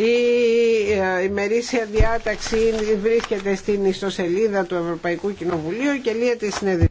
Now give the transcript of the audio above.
Η ε, ημερήσια διάταξη βρίσκεται στην ιστοσελίδα του Ευρωπαϊκού Κοινοβουλίου και λύεται η συνεδρία.